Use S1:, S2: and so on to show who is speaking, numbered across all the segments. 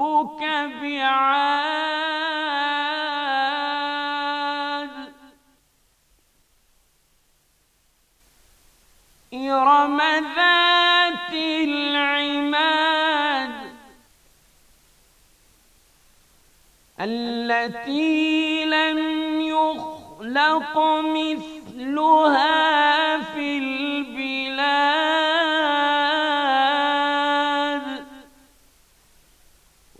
S1: ربك بعاد إرم ذات العماد التي لم يخلق مثلها في الأرض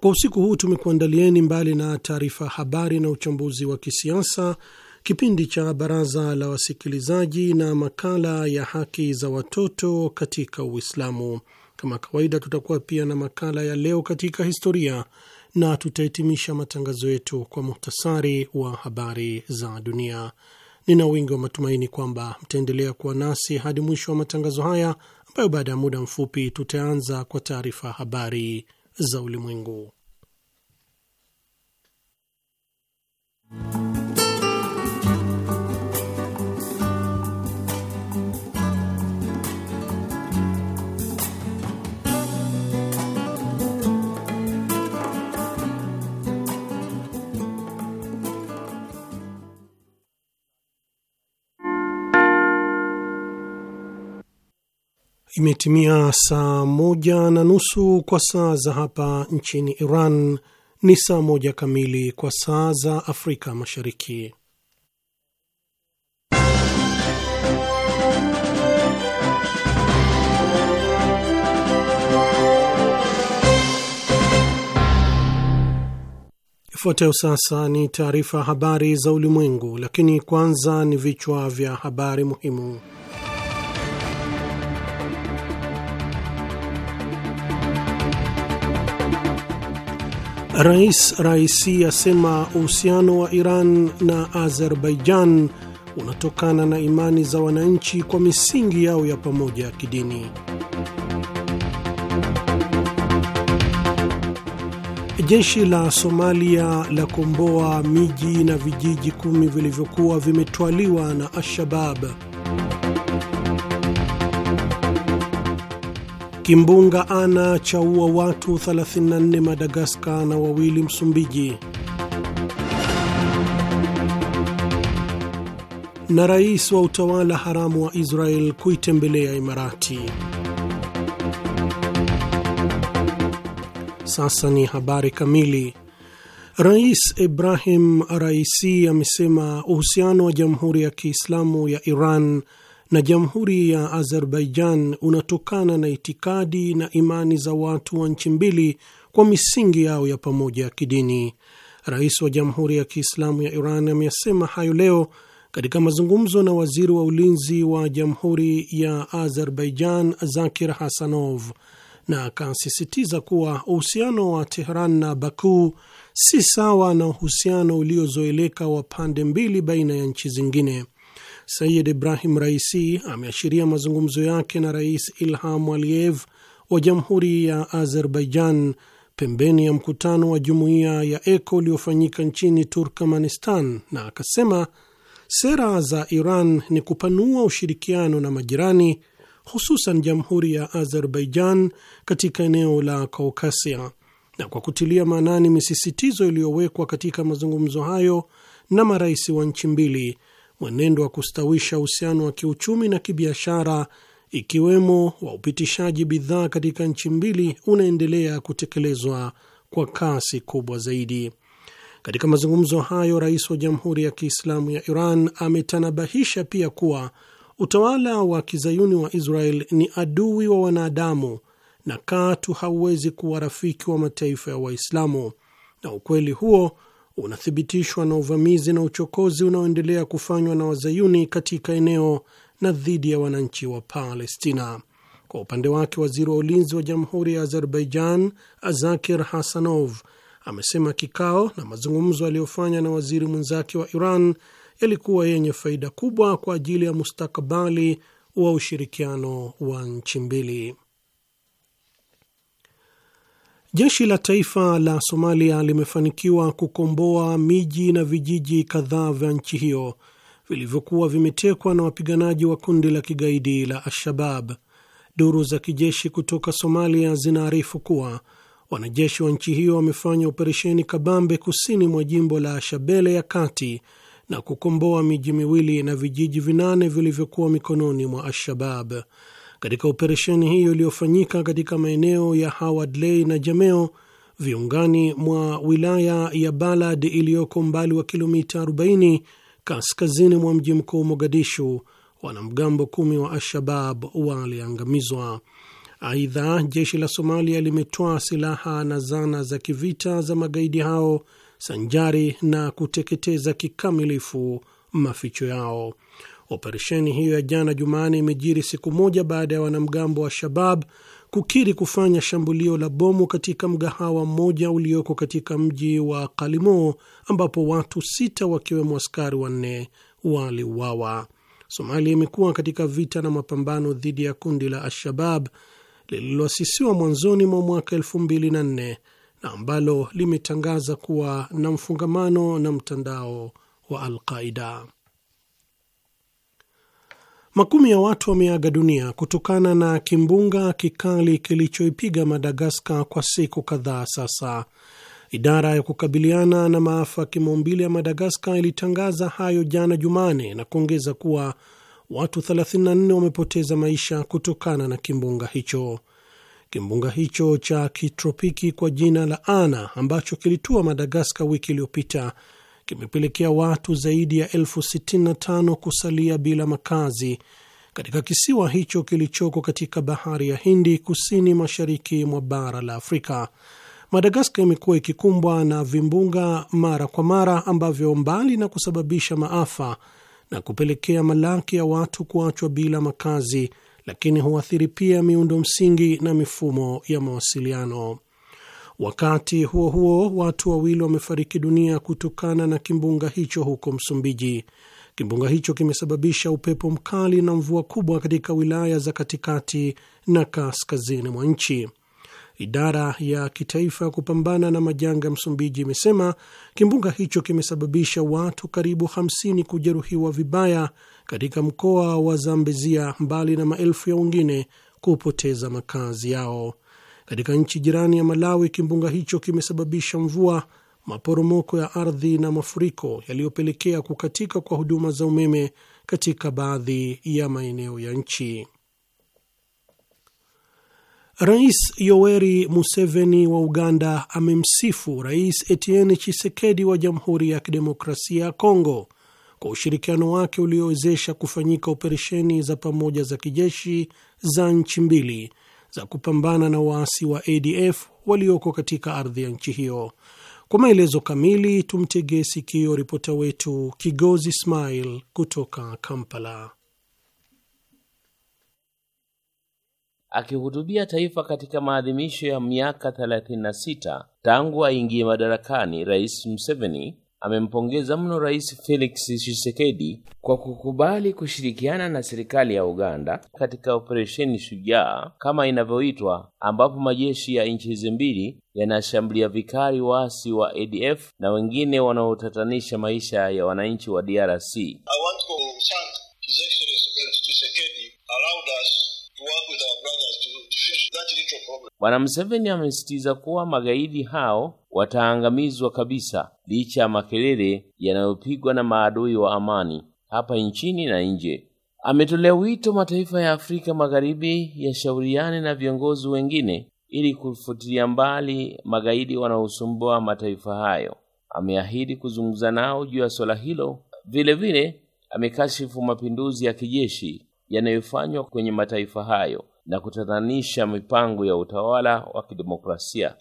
S2: Kwa usiku huu tumekuandalieni mbali na taarifa habari na uchambuzi wa kisiasa, kipindi cha baraza la wasikilizaji na makala ya haki za watoto katika Uislamu. Kama kawaida, tutakuwa pia na makala ya leo katika historia na tutahitimisha matangazo yetu kwa muhtasari wa habari za dunia. Nina wingi wa matumaini kwamba mtaendelea kuwa nasi hadi mwisho wa matangazo haya ambayo baada ya muda mfupi tutaanza kwa taarifa habari za ulimwengu. Imetimia saa moja na nusu kwa saa za hapa nchini Iran, ni saa moja kamili kwa saa za Afrika Mashariki. Ifuatayo sasa ni taarifa habari za ulimwengu, lakini kwanza ni vichwa vya habari muhimu. Rais Raisi asema uhusiano wa Iran na Azerbaijan unatokana na imani za wananchi kwa misingi yao ya pamoja ya kidini. Jeshi la Somalia la komboa miji na vijiji kumi vilivyokuwa vimetwaliwa na Al-Shabab. Kimbunga Ana chaua watu 34 Madagaskar na wawili Msumbiji. Na rais wa utawala haramu wa Israel kuitembelea Imarati. Sasa ni habari kamili. Rais Ibrahim Raisi amesema uhusiano wa Jamhuri ya Kiislamu ya Iran na Jamhuri ya Azerbaijan unatokana na itikadi na imani za watu wa nchi mbili kwa misingi yao ya pamoja ya kidini. Rais wa Jamhuri ya Kiislamu ya Iran ameyasema hayo leo katika mazungumzo na waziri wa ulinzi wa Jamhuri ya Azerbaijan Zakir Hasanov, na akasisitiza kuwa uhusiano wa Tehran na Baku si sawa na uhusiano uliozoeleka wa pande mbili baina ya nchi zingine. Sayid Ibrahim Raisi ameashiria mazungumzo yake na Rais Ilham Aliyev wa Jamhuri ya Azerbaijan pembeni ya mkutano wa jumuiya ya ECO uliofanyika nchini Turkmanistan, na akasema sera za Iran ni kupanua ushirikiano na majirani, hususan Jamhuri ya Azerbaijan katika eneo la Kaukasia, na kwa kutilia maanani misisitizo iliyowekwa katika mazungumzo hayo na marais wa nchi mbili mwenendo wa kustawisha uhusiano wa kiuchumi na kibiashara, ikiwemo wa upitishaji bidhaa katika nchi mbili, unaendelea kutekelezwa kwa kasi kubwa zaidi. Katika mazungumzo hayo, rais wa Jamhuri ya Kiislamu ya Iran ametanabahisha pia kuwa utawala wa kizayuni wa Israel ni adui wa wanadamu na katu hauwezi kuwa rafiki wa mataifa ya Waislamu, na ukweli huo unathibitishwa na uvamizi na uchokozi unaoendelea kufanywa na wazayuni katika eneo na dhidi ya wananchi wa Palestina. Kwa upande wake, waziri wa ulinzi wa jamhuri ya Azerbaijan Azakir Hasanov amesema kikao na mazungumzo aliyofanya na waziri mwenzake wa Iran yalikuwa yenye faida kubwa kwa ajili ya mustakabali wa ushirikiano wa nchi mbili. Jeshi la taifa la Somalia limefanikiwa kukomboa miji na vijiji kadhaa vya nchi hiyo vilivyokuwa vimetekwa na wapiganaji wa kundi la kigaidi la Al-Shabab. Duru za kijeshi kutoka Somalia zinaarifu kuwa wanajeshi wa nchi hiyo wamefanya operesheni kabambe kusini mwa jimbo la Shabele ya kati na kukomboa miji miwili na vijiji vinane vilivyokuwa mikononi mwa Al-Shabab. Katika operesheni hiyo iliyofanyika katika maeneo ya Hawadley na Jameo viungani mwa wilaya ya Balad iliyoko mbali wa kilomita 40 kaskazini mwa mji mkuu Mogadishu, wanamgambo kumi wa Al-Shabab waliangamizwa. Aidha, jeshi la Somalia limetoa silaha na zana za kivita za magaidi hao sanjari na kuteketeza kikamilifu maficho yao. Operesheni hiyo ya jana Jumanne imejiri siku moja baada ya wanamgambo wa Shabab kukiri kufanya shambulio la bomu katika mgahawa mmoja ulioko katika mji wa Kalimo ambapo watu sita wakiwemo askari wanne waliuawa. Somalia imekuwa katika vita na mapambano dhidi ya kundi la Al-Shabab lililoasisiwa mwanzoni mwa mwaka elfu mbili na nne na ambalo limetangaza kuwa na mfungamano na mtandao wa Alqaida. Makumi ya watu wameaga dunia kutokana na kimbunga kikali kilichoipiga Madagaskar kwa siku kadhaa sasa. Idara ya kukabiliana na maafa ya ya Madagaskar ilitangaza hayo jana Jumane na kuongeza kuwa watu 34 wamepoteza maisha kutokana na kimbunga hicho. Kimbunga hicho cha kitropiki kwa jina la Ana ambacho kilitua Madagaskar wiki iliyopita kimepelekea watu zaidi ya elfu sitini na tano kusalia bila makazi katika kisiwa hicho kilichoko katika bahari ya Hindi kusini mashariki mwa bara la Afrika. Madagaskar imekuwa ikikumbwa na vimbunga mara kwa mara ambavyo mbali na kusababisha maafa na kupelekea malaki ya watu kuachwa bila makazi, lakini huathiri pia miundo msingi na mifumo ya mawasiliano. Wakati huo huo, watu wawili wamefariki dunia kutokana na kimbunga hicho huko Msumbiji. Kimbunga hicho kimesababisha upepo mkali na mvua kubwa katika wilaya za katikati na kaskazini mwa nchi. Idara ya kitaifa ya kupambana na majanga ya Msumbiji imesema kimbunga hicho kimesababisha watu karibu 50 kujeruhiwa vibaya katika mkoa wa Zambezia, mbali na maelfu ya wengine kupoteza makazi yao. Katika nchi jirani ya Malawi, kimbunga hicho kimesababisha mvua, maporomoko ya ardhi na mafuriko yaliyopelekea kukatika kwa huduma za umeme katika baadhi ya maeneo ya nchi. Rais Yoweri Museveni wa Uganda amemsifu Rais Etienne chisekedi wa Jamhuri ya Kidemokrasia ya Kongo kwa ushirikiano wake uliowezesha kufanyika operesheni za pamoja za kijeshi za nchi mbili za kupambana na waasi wa ADF walioko katika ardhi ya nchi hiyo. Kwa maelezo kamili, tumtegee sikio ripota wetu Kigozi Ismail kutoka Kampala.
S3: Akihutubia taifa katika maadhimisho ya miaka 36 tangu aingie madarakani, Rais Museveni amempongeza mno Rais Felix Tshisekedi kwa kukubali kushirikiana na serikali ya Uganda katika operesheni Shujaa kama inavyoitwa, ambapo majeshi ya nchi hizi mbili yanashambulia vikali waasi wa ADF na wengine wanaotatanisha maisha ya wananchi wa DRC. I want to thank Bwana Museveni amesisitiza kuwa magaidi hao wataangamizwa kabisa licha ya makelele yanayopigwa na maadui wa amani hapa nchini na nje. Ametolea wito mataifa ya Afrika Magharibi yashauriane na viongozi wengine ili kufutilia mbali magaidi wanaosumbua mataifa hayo. Ameahidi kuzungumza nao juu ya swala hilo. Vilevile amekashifu mapinduzi ya kijeshi yanayofanywa kwenye mataifa hayo na kutatanisha mipango ya utawala wa kidemokrasia.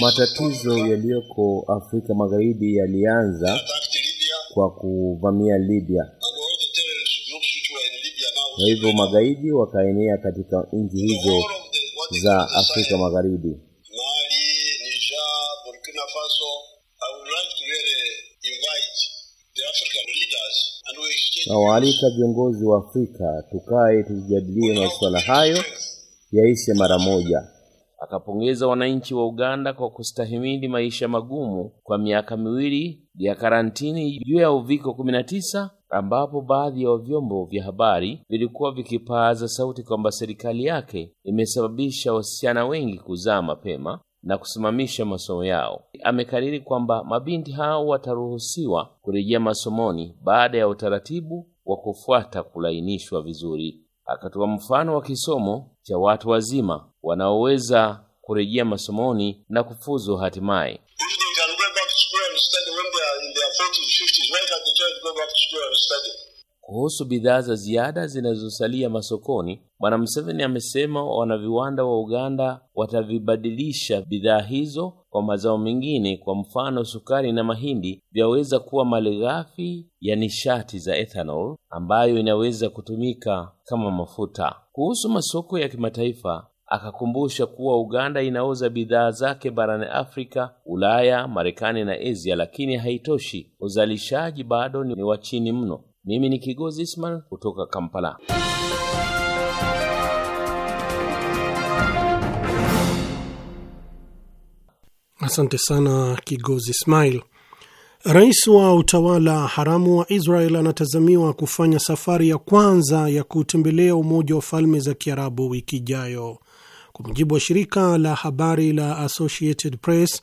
S3: Matatizo yaliyoko Afrika Magharibi yalianza kwa kuvamia Libya, kwa hivyo magaidi wakaenea katika nchi hizo za Afrika Magharibi. nawaalika viongozi wa Afrika tukae tujadilie masuala hayo yaishe mara moja. Akapongeza wananchi wa Uganda kwa kustahimili maisha magumu kwa miaka miwili ya karantini juu ya uviko 19 ambapo baadhi ya vyombo vya habari vilikuwa vikipaaza sauti kwamba serikali yake imesababisha wasichana wengi kuzaa mapema na kusimamisha masomo yao. Amekariri kwamba mabinti hao wataruhusiwa kurejea masomoni baada ya utaratibu wa kufuata kulainishwa vizuri. Akatoa mfano wa kisomo cha watu wazima wanaoweza kurejea masomoni na kufuzu hatimaye.
S4: go back to school and study?
S3: Kuhusu bidhaa za ziada zinazosalia masokoni, Bwana Museveni amesema wanaviwanda wa Uganda watavibadilisha bidhaa hizo kwa mazao mengine, kwa mfano sukari na mahindi vyaweza kuwa malighafi ya nishati za ethanol ambayo inaweza kutumika kama mafuta. Kuhusu masoko ya kimataifa, akakumbusha kuwa Uganda inauza bidhaa zake barani Afrika, Ulaya, Marekani na Asia, lakini haitoshi. Uzalishaji bado ni wa chini mno. Mimi ni Kigozi Ismail kutoka Kampala.
S2: Asante sana Kigozi Ismail. Rais wa utawala haramu wa Israel anatazamiwa kufanya safari ya kwanza ya kutembelea Umoja wa Falme za Kiarabu wiki ijayo. Kwa mujibu wa shirika la habari la Associated Press,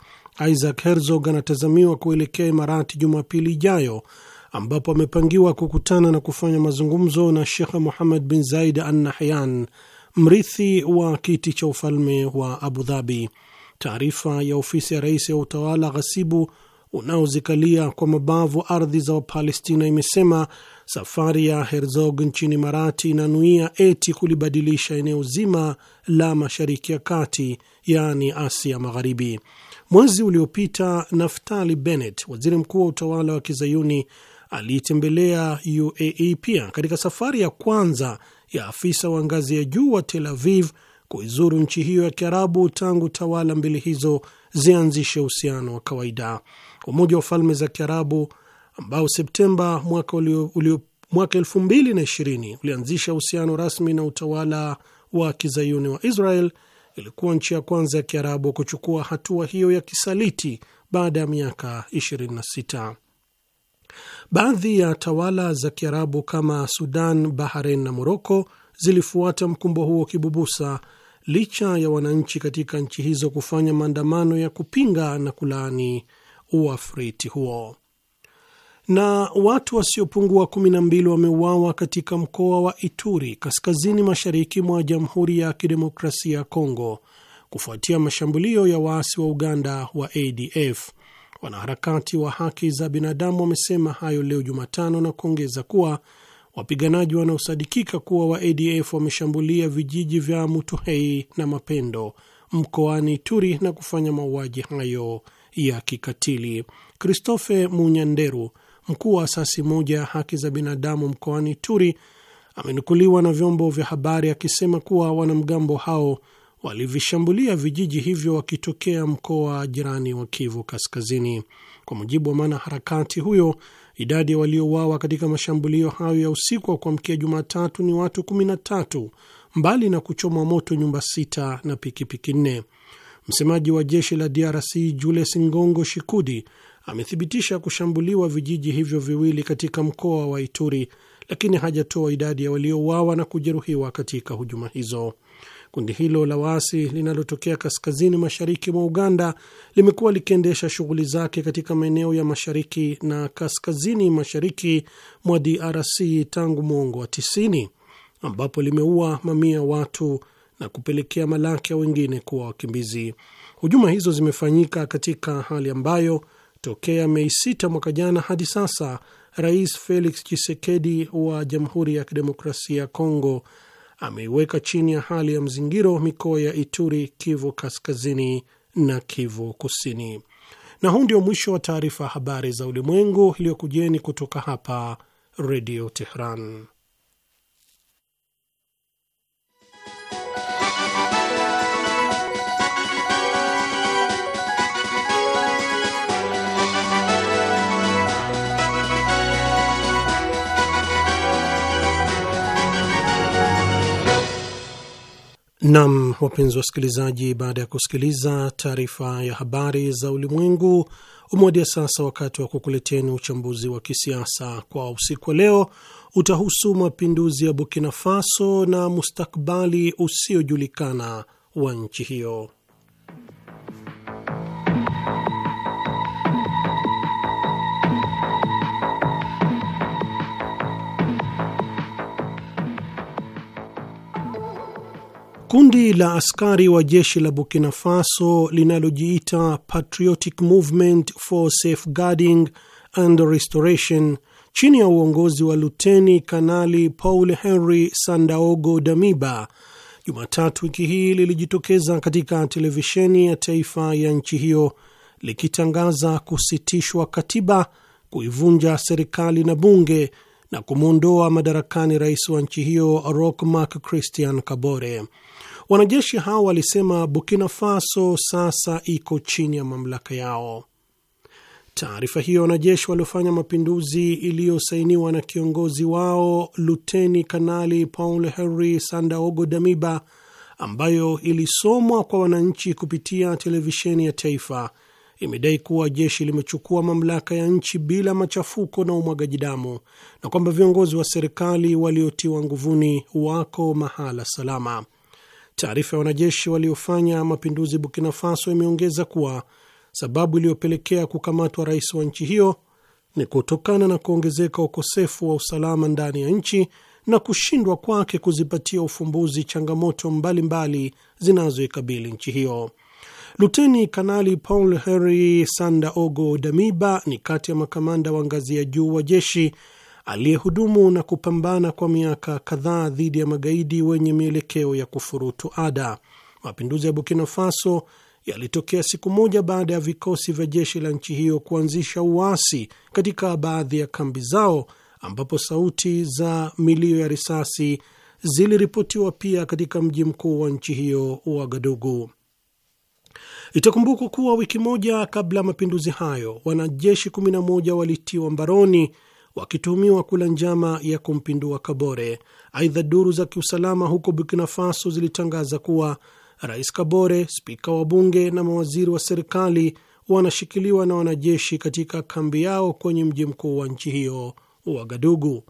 S2: Isaac Herzog anatazamiwa kuelekea Imarati Jumapili ijayo ambapo amepangiwa kukutana na kufanya mazungumzo na Shekh Muhammad bin Zaid Al Nahyan, mrithi wa kiti cha ufalme wa Abu Dhabi. Taarifa ya ofisi ya rais ya utawala ghasibu unaozikalia kwa mabavu ardhi za Wapalestina imesema safari ya Herzog nchini Marati inanuia eti kulibadilisha eneo zima la Mashariki ya Kati, yaani Asia Magharibi. Mwezi uliopita Naftali Bennett, waziri mkuu wa utawala wa kizayuni aliitembelea UAE pia katika safari ya kwanza ya afisa wa ngazi ya juu wa Tel Aviv kuizuru nchi hiyo ya Kiarabu tangu tawala mbili hizo zianzishe uhusiano wa kawaida. Umoja wa Falme za Kiarabu ambao Septemba mwaka ulio, ulio, mwaka elfu mbili na ishirini ulianzisha uhusiano rasmi na utawala wa kizayuni wa Israel ilikuwa nchi ya kwanza ya Kiarabu kuchukua hatua hiyo ya kisaliti baada ya miaka 26. Baadhi ya tawala za Kiarabu kama Sudan, Bahrain na Moroko zilifuata mkumbo huo kibubusa, licha ya wananchi katika nchi hizo kufanya maandamano ya kupinga na kulaani uafriti huo. Na watu wasiopungua kumi na mbili wameuawa katika mkoa wa Ituri, kaskazini mashariki mwa Jamhuri ya Kidemokrasia ya Kongo, kufuatia mashambulio ya waasi wa Uganda wa ADF. Wanaharakati wa haki za binadamu wamesema hayo leo Jumatano na kuongeza kuwa wapiganaji wanaosadikika kuwa wa ADF wameshambulia vijiji vya Mutuhei na Mapendo mkoani Turi na kufanya mauaji hayo ya kikatili. Christophe Munyanderu, mkuu wa asasi moja ya haki za binadamu mkoani Turi, amenukuliwa na vyombo vya habari akisema kuwa wanamgambo hao walivishambulia vijiji hivyo wakitokea mkoa jirani wa Kivu Kaskazini. Kwa mujibu wa mwanaharakati huyo, idadi ya waliouawa katika mashambulio hayo ya usiku wa kuamkia Jumatatu ni watu 13 mbali na kuchomwa moto nyumba sita na pikipiki nne. Msemaji wa jeshi la DRC Jules Ngongo Shikudi amethibitisha kushambuliwa vijiji hivyo viwili katika mkoa wa Ituri, lakini hajatoa idadi ya waliouawa na kujeruhiwa katika hujuma hizo. Kundi hilo la waasi linalotokea kaskazini mashariki mwa Uganda limekuwa likiendesha shughuli zake katika maeneo ya mashariki na kaskazini mashariki mwa DRC tangu mwongo wa 90 ambapo limeua mamia watu na kupelekea malaki wengine kuwa wakimbizi. Hujuma hizo zimefanyika katika hali ambayo tokea Mei 6 mwaka jana hadi sasa Rais Felix Tshisekedi wa Jamhuri ya Kidemokrasia ya Kongo ameiweka chini ya hali ya mzingiro mikoa ya Ituri, Kivu Kaskazini na Kivu Kusini. Na huu ndio mwisho wa taarifa ya habari za ulimwengu iliyokujeni kutoka hapa Redio Tehran. Nam, wapenzi wasikilizaji, baada ya kusikiliza taarifa ya habari za ulimwengu, umewadia sasa wakati wa kukuleteni uchambuzi wa kisiasa kwa usiku wa leo. Utahusu mapinduzi ya Burkina Faso na mustakbali usiojulikana wa nchi hiyo. Kundi la askari wa jeshi la Burkina Faso linalojiita Patriotic Movement for Safeguarding and Restoration chini ya uongozi wa Luteni Kanali Paul Henry Sandaogo Damiba Jumatatu wiki hii lilijitokeza katika televisheni ya taifa ya nchi hiyo likitangaza kusitishwa katiba, kuivunja serikali na bunge na kumwondoa madarakani rais wa nchi hiyo Roch Marc Christian Kabore. Wanajeshi hao walisema Burkina Faso sasa iko chini ya mamlaka yao. Taarifa hiyo, wanajeshi waliofanya mapinduzi iliyosainiwa na kiongozi wao Luteni Kanali Paul Henry Sandaogo Damiba, ambayo ilisomwa kwa wananchi kupitia televisheni ya taifa, imedai kuwa jeshi limechukua mamlaka ya nchi bila machafuko na umwagaji damu na kwamba viongozi wa serikali waliotiwa nguvuni wako mahala salama. Taarifa ya wanajeshi waliofanya mapinduzi Burkina Faso imeongeza kuwa sababu iliyopelekea kukamatwa rais wa nchi hiyo ni kutokana na kuongezeka ukosefu wa usalama ndani ya nchi na kushindwa kwake kuzipatia ufumbuzi changamoto mbalimbali zinazoikabili nchi hiyo. Luteni Kanali Paul Henry Sandaogo Damiba ni kati ya makamanda wa ngazi ya juu wa jeshi aliyehudumu na kupambana kwa miaka kadhaa dhidi ya magaidi wenye mielekeo ya kufurutu ada. Mapinduzi ya Burkina Faso yalitokea siku moja baada ya vikosi vya jeshi la nchi hiyo kuanzisha uasi katika baadhi ya kambi zao, ambapo sauti za milio ya risasi ziliripotiwa pia katika mji mkuu wa nchi hiyo gadugu Itakumbukwa kuwa wiki moja kabla ya mapinduzi hayo, wanajeshi 11 walitiwa mbaroni wakituhumiwa kula njama ya kumpindua Kabore. Aidha, duru za kiusalama huko Burkina Faso zilitangaza kuwa Rais Kabore, spika wa bunge na mawaziri wa serikali wanashikiliwa na wanajeshi katika kambi yao kwenye mji mkuu wa nchi hiyo Wagadugu.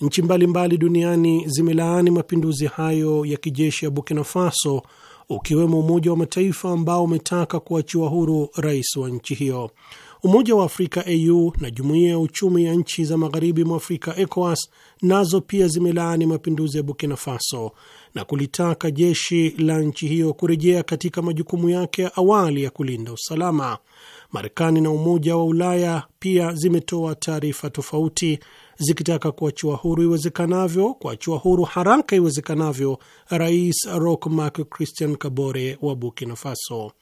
S2: Nchi mbalimbali duniani zimelaani mapinduzi hayo ya kijeshi ya Burkina Faso, ukiwemo Umoja wa Mataifa ambao umetaka kuachiwa huru rais wa nchi hiyo. Umoja wa Afrika AU na Jumuiya ya Uchumi ya Nchi za Magharibi mwa Afrika ECOWAS nazo pia zimelaani mapinduzi ya Burkina Faso na kulitaka jeshi la nchi hiyo kurejea katika majukumu yake ya awali ya kulinda usalama. Marekani na Umoja wa Ulaya pia zimetoa taarifa tofauti zikitaka kuachiwa huru iwezekanavyo, kuachiwa huru haraka iwezekanavyo, Rais Roch Marc Christian Kabore wa Burkina Faso.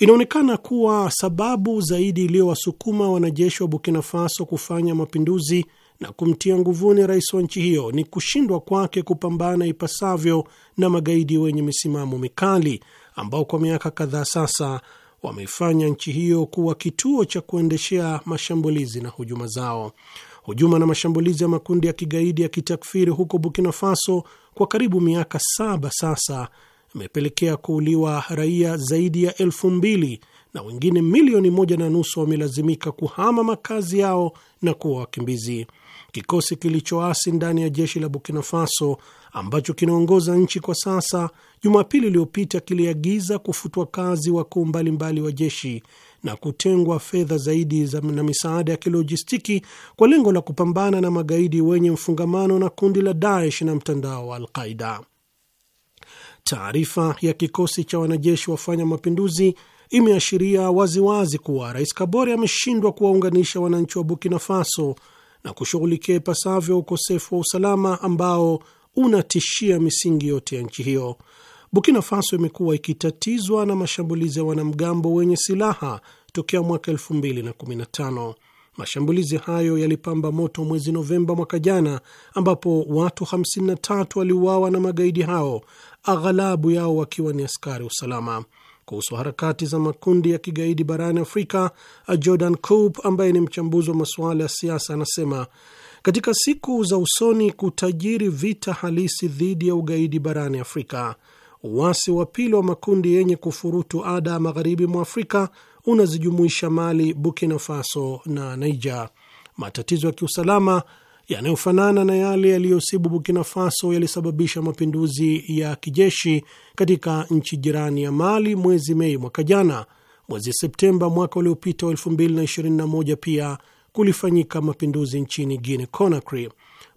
S2: Inaonekana kuwa sababu zaidi iliyowasukuma wanajeshi wa Burkina Faso kufanya mapinduzi na kumtia nguvuni rais wa nchi hiyo ni kushindwa kwake kupambana ipasavyo na magaidi wenye misimamo mikali ambao kwa miaka kadhaa sasa wameifanya nchi hiyo kuwa kituo cha kuendeshea mashambulizi na hujuma zao. Hujuma na mashambulizi ya makundi ya kigaidi ya kitakfiri huko Burkina Faso kwa karibu miaka saba sasa imepelekea kuuliwa raia zaidi ya elfu mbili na wengine milioni moja na nusu wamelazimika kuhama makazi yao na kuwa wakimbizi. Kikosi kilichoasi ndani ya jeshi la Burkina Faso ambacho kinaongoza nchi kwa sasa, Jumapili iliyopita kiliagiza kufutwa kazi wakuu mbalimbali wa jeshi na kutengwa fedha zaidi za na misaada ya kilojistiki kwa lengo la kupambana na magaidi wenye mfungamano na kundi la Daesh na mtandao wa Alqaida. Taarifa ya kikosi cha wanajeshi wafanya mapinduzi imeashiria waziwazi kuwa Rais Kabore ameshindwa kuwaunganisha wananchi wa Burkina Faso na kushughulikia ipasavyo ukosefu wa usalama ambao unatishia misingi yote ya nchi hiyo. Burkina Faso imekuwa ikitatizwa na mashambulizi ya wanamgambo wenye silaha tokea mwaka 2015. Mashambulizi hayo yalipamba moto mwezi Novemba mwaka jana, ambapo watu 53 waliuawa na magaidi hao aghalabu yao wakiwa ni askari usalama. Kuhusu harakati za makundi ya kigaidi barani Afrika, Jordan cop ambaye ni mchambuzi wa masuala ya siasa anasema katika siku za usoni kutajiri vita halisi dhidi ya ugaidi barani Afrika. Uasi wa pili wa makundi yenye kufurutu ada ya magharibi mwa Afrika unazijumuisha Mali, Burkina Faso na Niger. Matatizo ya kiusalama yanayofanana na yale yaliyosibu Burkina Faso yalisababisha mapinduzi ya kijeshi katika nchi jirani ya Mali mwezi Mei mwaka jana. Mwezi Septemba mwaka uliopita wa 2021 pia kulifanyika mapinduzi nchini Guinea Conakry.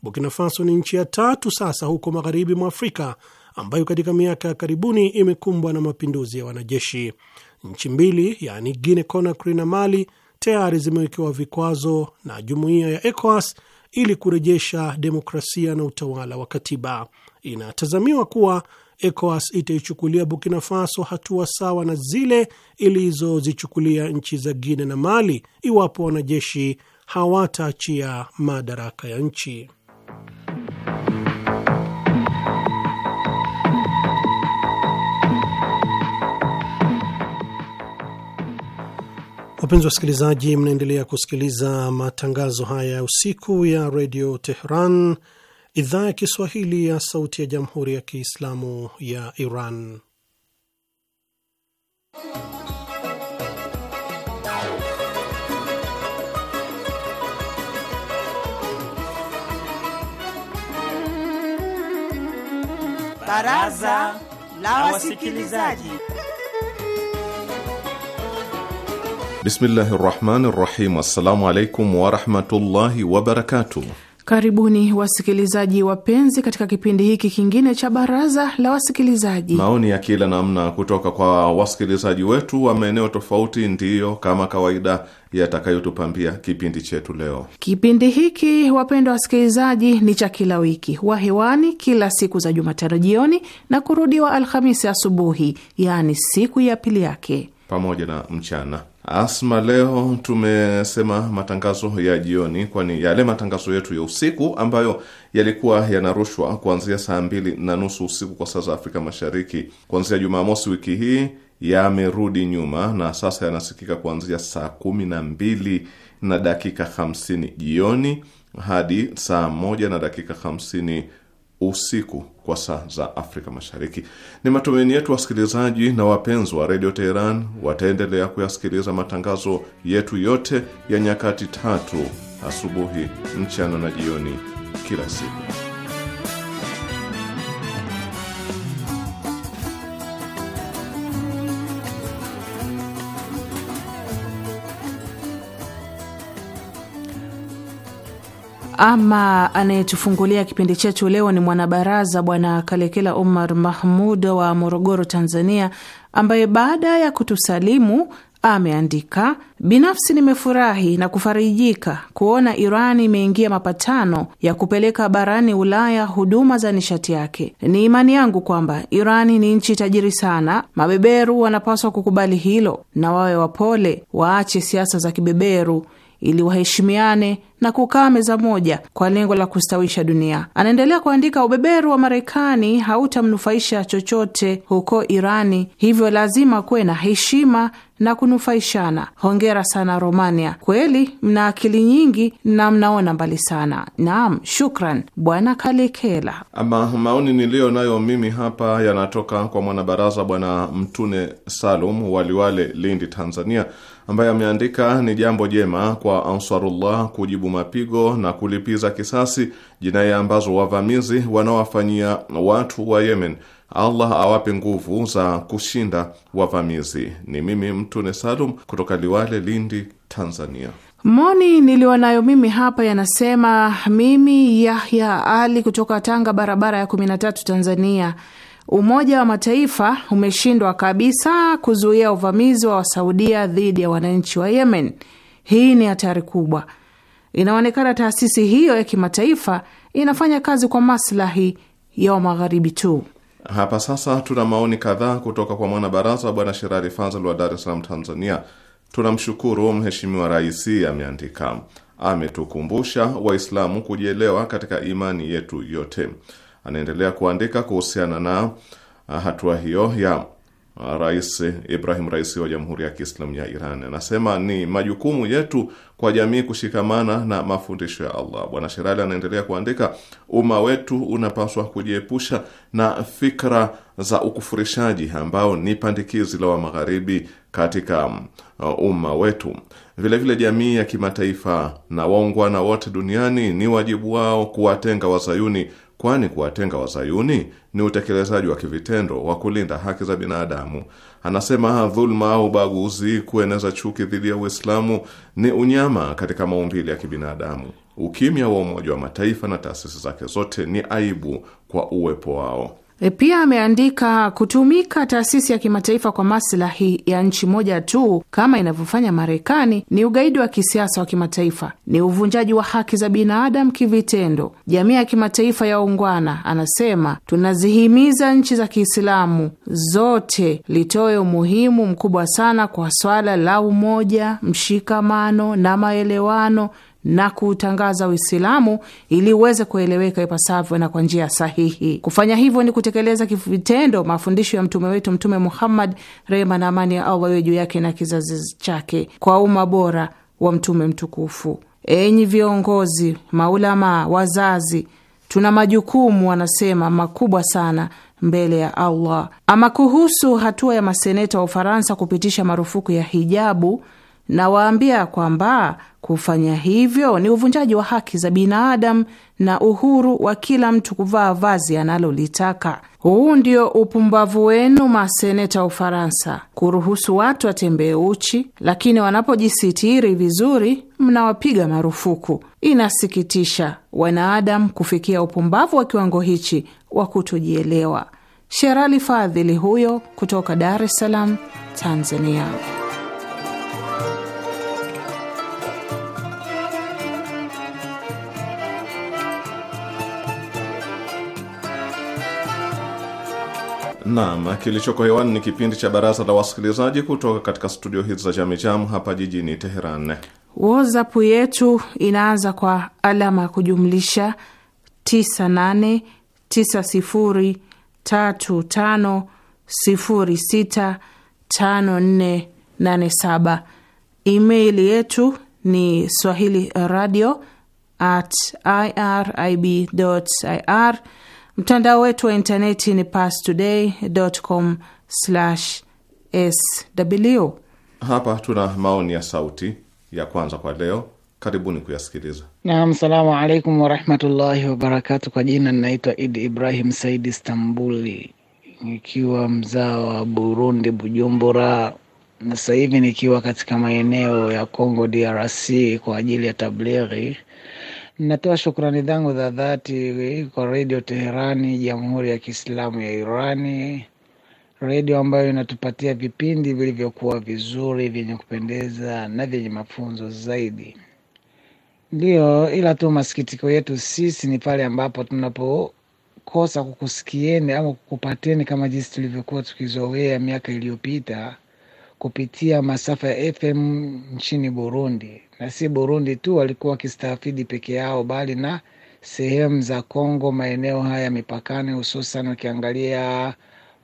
S2: Burkina Faso ni nchi ya tatu sasa huko magharibi mwa Afrika ambayo katika miaka ya karibuni imekumbwa na mapinduzi ya wanajeshi. Nchi mbili yaani Guinea Conakry na Mali tayari zimewekewa vikwazo na jumuiya ya ECOWAS ili kurejesha demokrasia na utawala wa katiba. Inatazamiwa kuwa ECOWAS itaichukulia Burkina Faso hatua sawa na zile ilizozichukulia nchi za Guinea na Mali iwapo wanajeshi hawataachia madaraka ya nchi. Wapenzi wasikilizaji, mnaendelea kusikiliza matangazo haya ya usiku ya redio Tehran, idhaa ya Kiswahili ya sauti ya jamhuri ya Kiislamu ya Iran.
S5: Baraza la Wasikilizaji.
S6: Bismillahi rahmani rahim. Assalamu alaikum warahmatullahi wabarakatuh.
S7: Karibuni wasikilizaji wapenzi, katika kipindi hiki kingine cha baraza la wasikilizaji.
S6: Maoni ya kila namna kutoka kwa wasikilizaji wetu wa maeneo tofauti ndiyo kama kawaida yatakayotupambia kipindi chetu leo.
S7: Kipindi hiki wapendwa wasikilizaji, ni cha kila wiki wa hewani kila siku za Jumatano jioni na kurudiwa Alhamisi asubuhi, yaani siku ya pili yake
S6: pamoja na mchana Asma, leo tumesema matangazo ya jioni, kwani yale matangazo yetu ya usiku ambayo yalikuwa yanarushwa kuanzia saa mbili na nusu usiku kwa saa za Afrika Mashariki kuanzia Jumamosi wiki hii yamerudi nyuma na sasa yanasikika kuanzia saa kumi na mbili na dakika hamsini jioni hadi saa moja na dakika hamsini usiku kwa saa za Afrika Mashariki. Ni matumaini yetu wasikilizaji na wapenzi wa redio Teheran wataendelea kuyasikiliza matangazo yetu yote ya nyakati tatu, asubuhi, mchana na jioni, kila siku.
S7: Ama anayetufungulia kipindi chetu leo ni mwanabaraza Bwana Kalekela Omar Mahmud wa Morogoro, Tanzania, ambaye baada ya kutusalimu ameandika: binafsi nimefurahi na kufarijika kuona Iran imeingia mapatano ya kupeleka barani Ulaya huduma za nishati yake. Ni imani yangu kwamba Iran ni nchi tajiri sana. Mabeberu wanapaswa kukubali hilo na wawe wapole, waache siasa za kibeberu ili waheshimiane na kukaa meza moja kwa lengo la kustawisha dunia. Anaendelea kuandika, ubeberu wa Marekani hautamnufaisha chochote huko Irani, hivyo lazima kuwe na heshima na kunufaishana. Hongera sana Romania, kweli mna akili nyingi na mnaona mbali sana. Naam, shukran bwana Kalekela.
S6: Ama maoni niliyo nayo mimi hapa yanatoka kwa mwanabaraza bwana Mtune Salum Waliwale, Lindi, Tanzania ambaye ameandika ni jambo jema kwa Ansarullah kujibu mapigo na kulipiza kisasi jinai ambazo wavamizi wanawafanyia watu wa Yemen. Allah awape nguvu za kushinda wavamizi. Ni mimi Mtune Salum kutoka Liwale, Lindi, Tanzania.
S7: Moni niliyo nayo mimi hapa yanasema, mimi Yahya Ali kutoka Tanga, barabara ya kumi na tatu, Tanzania. Umoja wa Mataifa umeshindwa kabisa kuzuia uvamizi wa wasaudia dhidi ya wananchi wa Yemen. Hii ni hatari kubwa. Inaonekana taasisi hiyo ya kimataifa inafanya kazi kwa maslahi ya wamagharibi tu.
S6: Hapa sasa tuna maoni kadhaa kutoka kwa mwanabaraza Bwana Sherari Fazl wa Dar es Salaam, Tanzania. Tunamshukuru Mheshimiwa Raisi, ameandika ametukumbusha Waislamu kujielewa katika imani yetu yote anaendelea kuandika kuhusiana na uh, hatua hiyo ya uh, Rais Ibrahim Raisi wa Jamhuri ya Kiislamu ya Iran. Anasema ni majukumu yetu kwa jamii kushikamana na mafundisho ya Allah. Bwana Sherali anaendelea kuandika, umma wetu unapaswa kujiepusha na fikra za ukufurishaji ambao ni pandikizi la wa magharibi katika uh, umma wetu. Vilevile vile jamii ya kimataifa na waungwana wote duniani ni wajibu wao kuwatenga wazayuni kwani kuwatenga wazayuni ni utekelezaji wa kivitendo wa kulinda haki za binadamu. Anasema dhuluma au ubaguzi, kueneza chuki dhidi ya Uislamu ni unyama katika maumbili ya kibinadamu. Ukimya wa Umoja wa Mataifa na taasisi zake zote ni aibu kwa uwepo wao.
S7: E, pia ameandika kutumika taasisi ya kimataifa kwa maslahi ya nchi moja tu kama inavyofanya Marekani ni ugaidi wa kisiasa wa kimataifa, ni uvunjaji wa haki za binadamu kivitendo. Jamii ya kimataifa ya ungwana, anasema, tunazihimiza nchi za Kiislamu zote litoe umuhimu mkubwa sana kwa swala la umoja, mshikamano na maelewano na kuutangaza Uislamu ili uweze kueleweka ipasavyo na kwa njia sahihi. Kufanya hivyo ni kutekeleza kivitendo mafundisho ya mtume wetu Mtume Muhammad, rehma na amani ya Allah iwe juu yake na kizazi chake, kwa umma bora wa mtume mtukufu. Enyi viongozi, maulamaa, wazazi, tuna majukumu wanasema makubwa sana mbele ya Allah. Ama kuhusu hatua ya maseneta wa Ufaransa kupitisha marufuku ya hijabu Nawaambia kwamba kufanya hivyo ni uvunjaji wa haki za binadamu na uhuru wa kila mtu kuvaa vazi analolitaka. Huu ndio upumbavu wenu, maseneta wa Ufaransa, kuruhusu watu watembee uchi, lakini wanapojisitiri vizuri mnawapiga marufuku. Inasikitisha wanadamu kufikia upumbavu wa kiwango hichi wa kutojielewa. Sherali Fadhili huyo kutoka Dar es Salaam, Tanzania.
S6: Naam, kilichoko hewani ni kipindi cha baraza la wasikilizaji kutoka katika studio hizi za Jamijam hapa jijini Teheran.
S7: WhatsApp yetu inaanza kwa alama ya kujumlisha 989035065487. Email yetu ni swahili radio at irib.ir Mtandao wetu wa intaneti ni pastoday.com/sw.
S6: Hapa tuna maoni ya sauti ya kwanza kwa leo, karibuni kuyasikiliza.
S5: Naam, salamu alaikum warahmatullahi wabarakatu. Kwa jina ninaitwa Idi Ibrahim Saidi Stambuli, nikiwa mzao wa Burundi, Bujumbura, na sasa hivi nikiwa katika maeneo ya Congo DRC kwa ajili ya tablighi Ninatoa shukrani zangu za dhati kwa Redio Teherani, Jamhuri ya Kiislamu ya Irani, redio ambayo inatupatia vipindi vilivyokuwa vizuri, vyenye kupendeza na vyenye mafunzo zaidi. Ndiyo, ila tu masikitiko yetu sisi ni pale ambapo tunapokosa kukusikieni au kukupateni kama jinsi tulivyokuwa tukizoea miaka iliyopita kupitia masafa ya FM nchini Burundi na si Burundi tu walikuwa wakistaafidi peke yao, bali na sehemu za Kongo, maeneo haya mipakani, hususan ukiangalia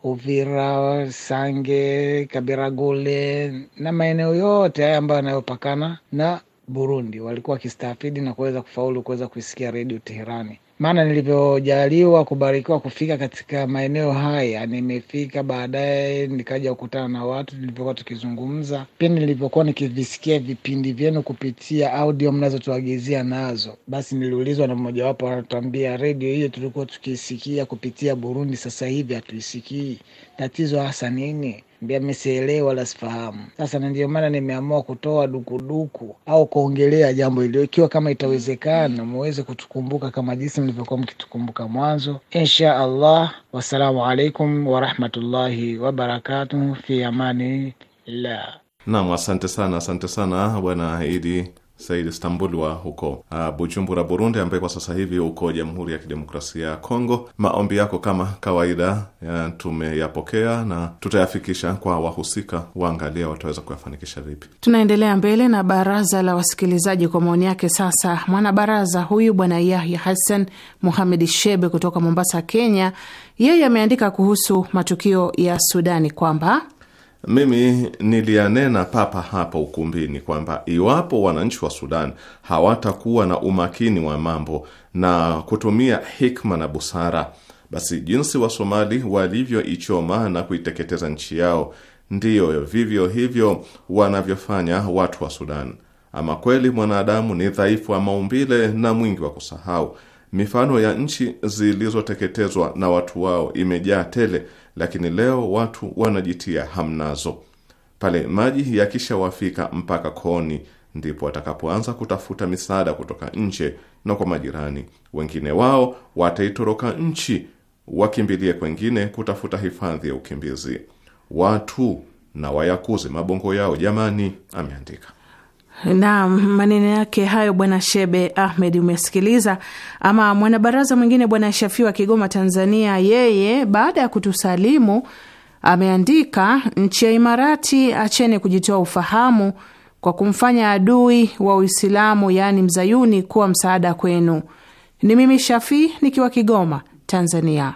S5: Uvira, Sange, Kabiragule na maeneo yote haya ambayo yanayopakana na Burundi, walikuwa wakistaafidi na kuweza kufaulu kuweza kuisikia redio Teherani maana nilivyojaliwa kubarikiwa kufika katika maeneo haya, nimefika baadaye, nikaja kukutana na watu nilivyokuwa tukizungumza, pia nilivyokuwa nikivisikia vipindi vyenu kupitia audio mnazotuagizia nazo. Basi niliulizwa na mmojawapo, wanatuambia redio hiyo tulikuwa tukisikia kupitia Burundi, sasa hivi hatuisikii. Tatizo hasa nini? ndio amesielewa la sifahamu. Sasa na ndio maana nimeamua kutoa dukuduku au kuongelea jambo hilo, ikiwa kama itawezekana muweze kutukumbuka kama jinsi mlivyokuwa mkitukumbuka mwanzo, insha Allah. Wassalamu alaikum warahmatullahi wabarakatuh, fi amani la
S8: Naam,
S6: asante sana, asante sana bwana Idi Said Stambulwa huko uh, Bujumbura, Burundi, ambaye kwa sasa hivi uko Jamhuri ya Kidemokrasia ya Kongo. Maombi yako kama kawaida ya tumeyapokea na tutayafikisha kwa wahusika, waangalie wataweza kuyafanikisha vipi.
S7: Tunaendelea mbele na baraza la wasikilizaji kwa maoni yake. Sasa mwanabaraza huyu Bwana Yahya Hassan Muhamedi Shebe kutoka Mombasa, Kenya, yeye ameandika kuhusu matukio ya Sudani kwamba
S6: mimi niliyanena papa hapa ukumbini kwamba iwapo wananchi wa Sudan hawatakuwa na umakini wa mambo na kutumia hikma na busara, basi jinsi wa somali walivyoichoma na kuiteketeza nchi yao, ndiyo vivyo hivyo wanavyofanya watu wa Sudan. Ama kweli mwanadamu ni dhaifu wa maumbile na mwingi wa kusahau. Mifano ya nchi zilizoteketezwa na watu wao imejaa tele lakini leo watu wanajitia hamnazo. Pale maji yakishawafika mpaka kooni, ndipo watakapoanza kutafuta misaada kutoka nje na kwa majirani. Wengine wao wataitoroka nchi wakimbilie kwengine kutafuta hifadhi ya ukimbizi. Watu na wayakuze mabongo yao jamani, ameandika.
S7: Naam, maneno yake hayo Bwana Shebe Ahmed umesikiliza. Ama mwanabaraza mwingine Bwana Shafii wa Kigoma, Tanzania, yeye baada ya kutusalimu ameandika, nchi ya Imarati achene kujitoa ufahamu kwa kumfanya adui wa Uislamu yaani mzayuni kuwa msaada kwenu. Ni mimi shafi nikiwa Kigoma, Tanzania.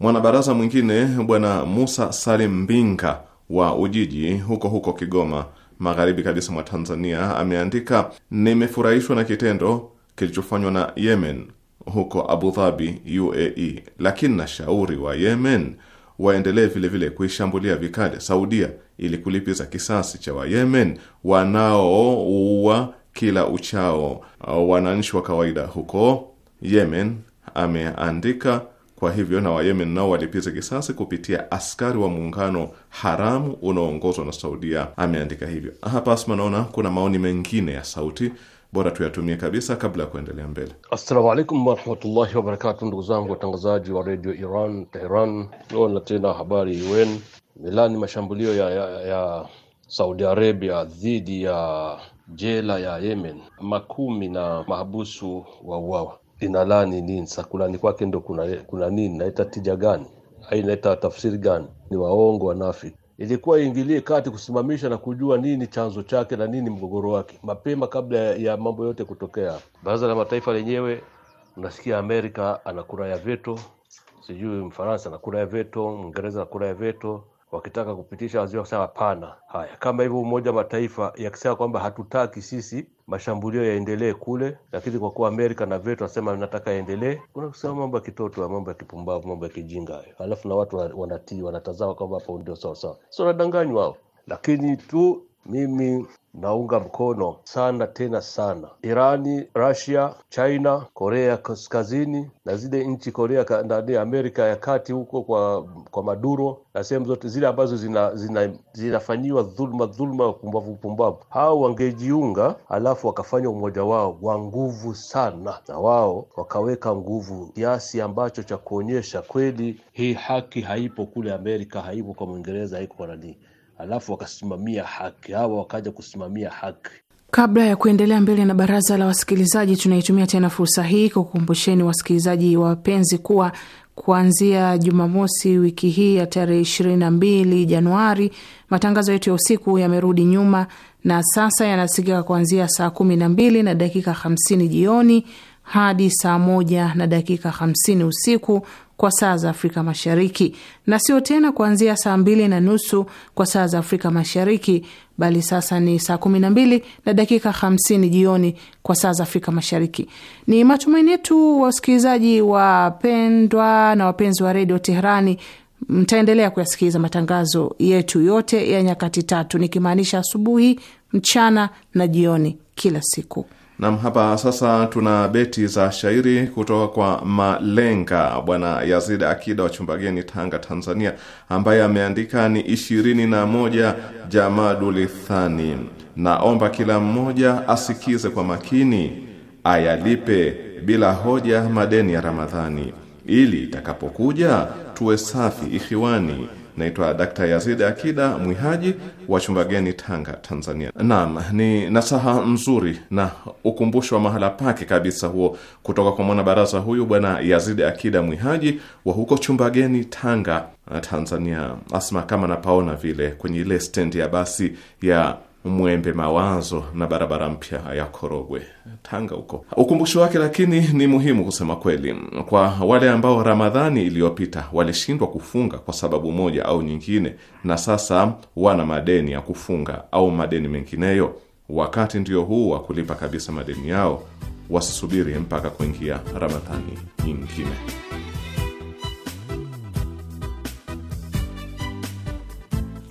S6: Mwanabaraza mwingine Bwana Musa Salim Mbinga wa Ujiji huko huko Kigoma magharibi kabisa mwa Tanzania, ameandika nimefurahishwa na kitendo kilichofanywa na Yemen huko Abu Dhabi, UAE, lakini na shauri wa Yemen waendelee vilevile kuishambulia vikali Saudia ili kulipiza kisasi cha Wayemen wanaoua kila uchao wananchi wa kawaida huko Yemen, ameandika kwa hivyo na Wayemen nao walipiza kisasi kupitia askari wa muungano haramu unaoongozwa na Saudia. Ameandika hivyo hapa. Asma, naona kuna maoni mengine ya sauti, bora tuyatumie kabisa kabla ya kuendelea mbele.
S9: Assalamu alaikum warahmatullahi wabarakatu, ndugu zangu watangazaji wa redio Iran Teheran. Ona tena habari UN milani mashambulio ya, ya, ya Saudi Arabia dhidi ya jela ya Yemen, makumi na mahabusu uawa inalani nini? sakulani kwake ndo kuna, kuna nini? Naita tija gani? Ai, naita tafsiri gani? Ni waongo wanafi Ilikuwa iingilie kati kusimamisha na kujua nini chanzo chake na nini mgogoro wake mapema kabla ya mambo yote kutokea. Baraza la Mataifa lenyewe unasikia Amerika ana kura ya veto, sijui Mfaransa ana kura ya veto, Mwingereza ana kura ya veto wakitaka kupitisha waziri kusema hapana. Haya, kama hivyo Umoja wa Mataifa yakisema kwamba hatutaki sisi mashambulio yaendelee kule, lakini kwa kuwa Amerika na vetu wanasema nataka yaendelee, kuna kusema mambo ya kitoto, mambo ya kipumbavu, mambo ya kijinga hayo, halafu na watu wanatii, wanatazama kwamba hapo ndio sawa sawa. So wanadanganywa hao, lakini tu mimi naunga mkono sana tena sana Irani, Russia, China, Korea Kaskazini na zile nchi Korea na Amerika ya Kati huko kwa kwa Maduro na sehemu zote zile ambazo zina, zina, zinafanyiwa dhulma dhulma upumbavu pumbavu, hao wangejiunga alafu wakafanya umoja wao wa nguvu sana, na wao wakaweka nguvu kiasi ambacho cha kuonyesha kweli hii haki haipo kule Amerika, haipo kwa Mwingereza, haipo kwa nanii alafu wakasimamia haki, hawa wakaja kusimamia haki.
S7: Kabla ya kuendelea mbele na baraza la wasikilizaji, tunaitumia tena fursa hii kukumbusheni wasikilizaji wa wapenzi kuwa kuanzia Jumamosi wiki hii ya tarehe ishirini na mbili Januari, matangazo yetu ya usiku yamerudi nyuma na sasa yanasikika kuanzia saa kumi na mbili na dakika hamsini jioni hadi saa moja na dakika hamsini usiku kwa saa za Afrika Mashariki na sio tena kuanzia saa mbili na nusu kwa saa za Afrika Mashariki, bali sasa ni saa kumi na mbili na dakika hamsini jioni kwa saa za Afrika Mashariki. Ni matumaini yetu wasikilizaji wapendwa na wapenzi wa Redio Teherani mtaendelea kuyasikiliza matangazo yetu yote ya nyakati tatu, nikimaanisha asubuhi, mchana na jioni kila siku.
S6: Nam, hapa sasa tuna beti za shairi kutoka kwa Malenga Bwana Yazid Akida wa Chumbageni, Tanga, Tanzania, ambaye ameandika ni ishirini na moja Jamadulithani. Naomba kila mmoja asikize kwa makini, ayalipe bila hoja madeni ya Ramadhani, ili itakapokuja tuwe safi ikhiwani Naitwa Dr. Yazid Akida Mwihaji wa Chumbageni, Tanga, Tanzania. Naam, ni nasaha nzuri na ukumbusho wa mahala pake kabisa huo kutoka kwa mwanabaraza huyu Bwana Yazid Akida Mwihaji wa huko Chumbageni, Tanga, Tanzania. Asma, kama napaona vile kwenye ile stendi ya basi ya Mwembe Mawazo na barabara mpya ya Korogwe Tanga huko. ukumbushi wake lakini ni muhimu kusema kweli, kwa wale ambao Ramadhani iliyopita walishindwa kufunga kwa sababu moja au nyingine, na sasa wana madeni ya kufunga au madeni mengineyo. Wakati ndio huu wa kulipa kabisa madeni yao, wasisubiri mpaka kuingia Ramadhani nyingine.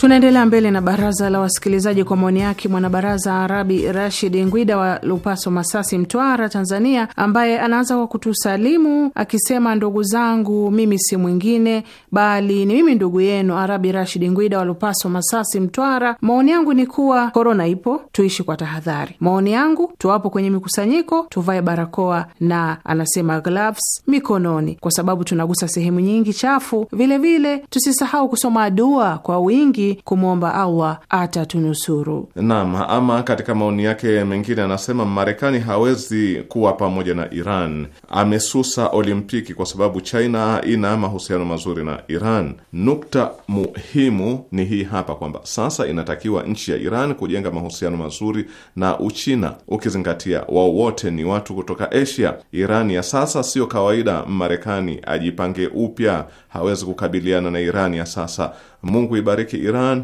S7: Tunaendelea mbele na baraza la wasikilizaji kwa maoni yake mwanabaraza Arabi Rashid Ngwida wa Lupaso, Masasi, Mtwara, Tanzania, ambaye anaanza kwa kutusalimu akisema, ndugu zangu, mimi si mwingine bali ni mimi ndugu yenu Arabi Rashid Ngwida wa Lupaso, Masasi, Mtwara. Maoni yangu ni kuwa korona ipo, tuishi kwa tahadhari. Maoni yangu, tuwapo kwenye mikusanyiko tuvae barakoa na anasema gloves mikononi, kwa sababu tunagusa sehemu nyingi chafu. Vilevile tusisahau kusoma dua kwa wingi kumwomba Allah atatunusuru.
S6: Naam, ama katika maoni yake mengine anasema Marekani hawezi kuwa pamoja na Iran, amesusa Olimpiki kwa sababu China ina mahusiano mazuri na Iran. Nukta muhimu ni hii hapa kwamba sasa inatakiwa nchi ya Iran kujenga mahusiano mazuri na Uchina, ukizingatia wao wote ni watu kutoka Asia. Iran ya sasa sio kawaida. Marekani ajipange upya, hawezi kukabiliana na Iran ya sasa. Mungu ibariki Iran.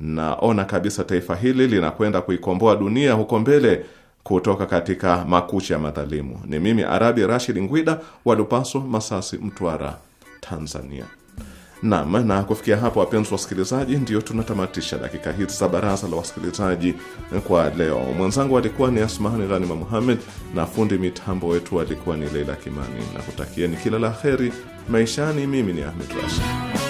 S6: Naona kabisa taifa hili linakwenda kuikomboa dunia huko mbele kutoka katika makucha ya madhalimu. Ni mimi Arabi Rashid Ngwida wa Lupaso, Masasi, Mtwara, Tanzania. Naam, na kufikia hapo, wapenzi wasikilizaji, ndio tunatamatisha dakika hizi za baraza la wasikilizaji kwa leo. Mwenzangu alikuwa ni Asmahani Ghanima Muhammed na fundi mitambo wetu alikuwa ni Leila Kimani, na kutakieni kila la heri maishani. Mimi ni Ahmed Rashid.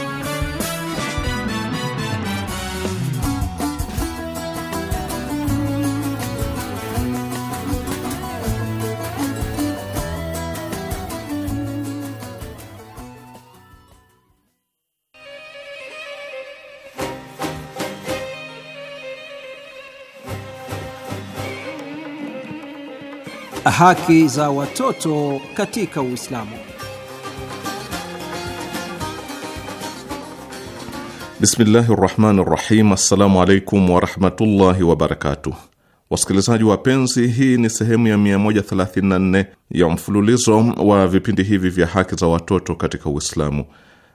S8: Haki za watoto katika Uislamu.
S6: Bismillahi rahmani rahim. Assalamu alaikum warahmatullahi wabarakatuh. Wasikilizaji wapenzi, hii ni sehemu ya 134 ya mfululizo wa vipindi hivi vya haki za watoto katika Uislamu.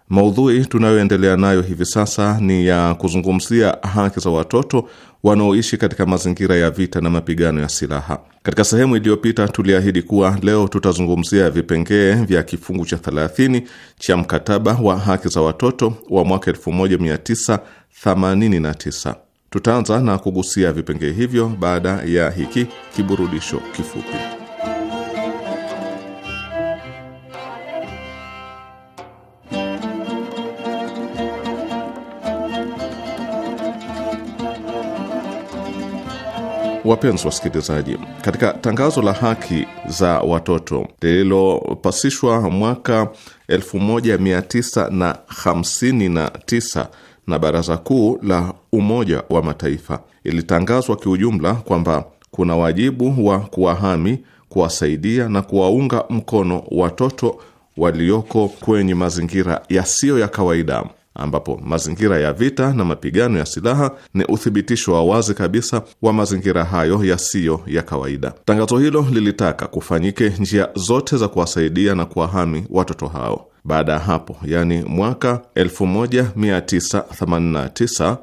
S6: Maudhui tunayoendelea nayo hivi sasa ni ya kuzungumzia haki za watoto wanaoishi katika mazingira ya vita na mapigano ya silaha. Katika sehemu iliyopita, tuliahidi kuwa leo tutazungumzia vipengee vya kifungu cha 30 cha mkataba wa haki za watoto wa mwaka 1989. Tutaanza na kugusia vipengee hivyo baada ya hiki kiburudisho kifupi. Wapenzi wasikilizaji, katika tangazo la haki za watoto lililopasishwa mwaka 1959 na, na Baraza Kuu la Umoja wa Mataifa, ilitangazwa kiujumla kwamba kuna wajibu wa kuwahami, kuwasaidia na kuwaunga mkono watoto walioko kwenye mazingira yasiyo ya kawaida ambapo mazingira ya vita na mapigano ya silaha ni uthibitisho wa wazi kabisa wa mazingira hayo yasiyo ya kawaida. Tangazo hilo lilitaka kufanyike njia zote za kuwasaidia na kuwahami watoto hao. Baada ya hapo, yaani mwaka 1989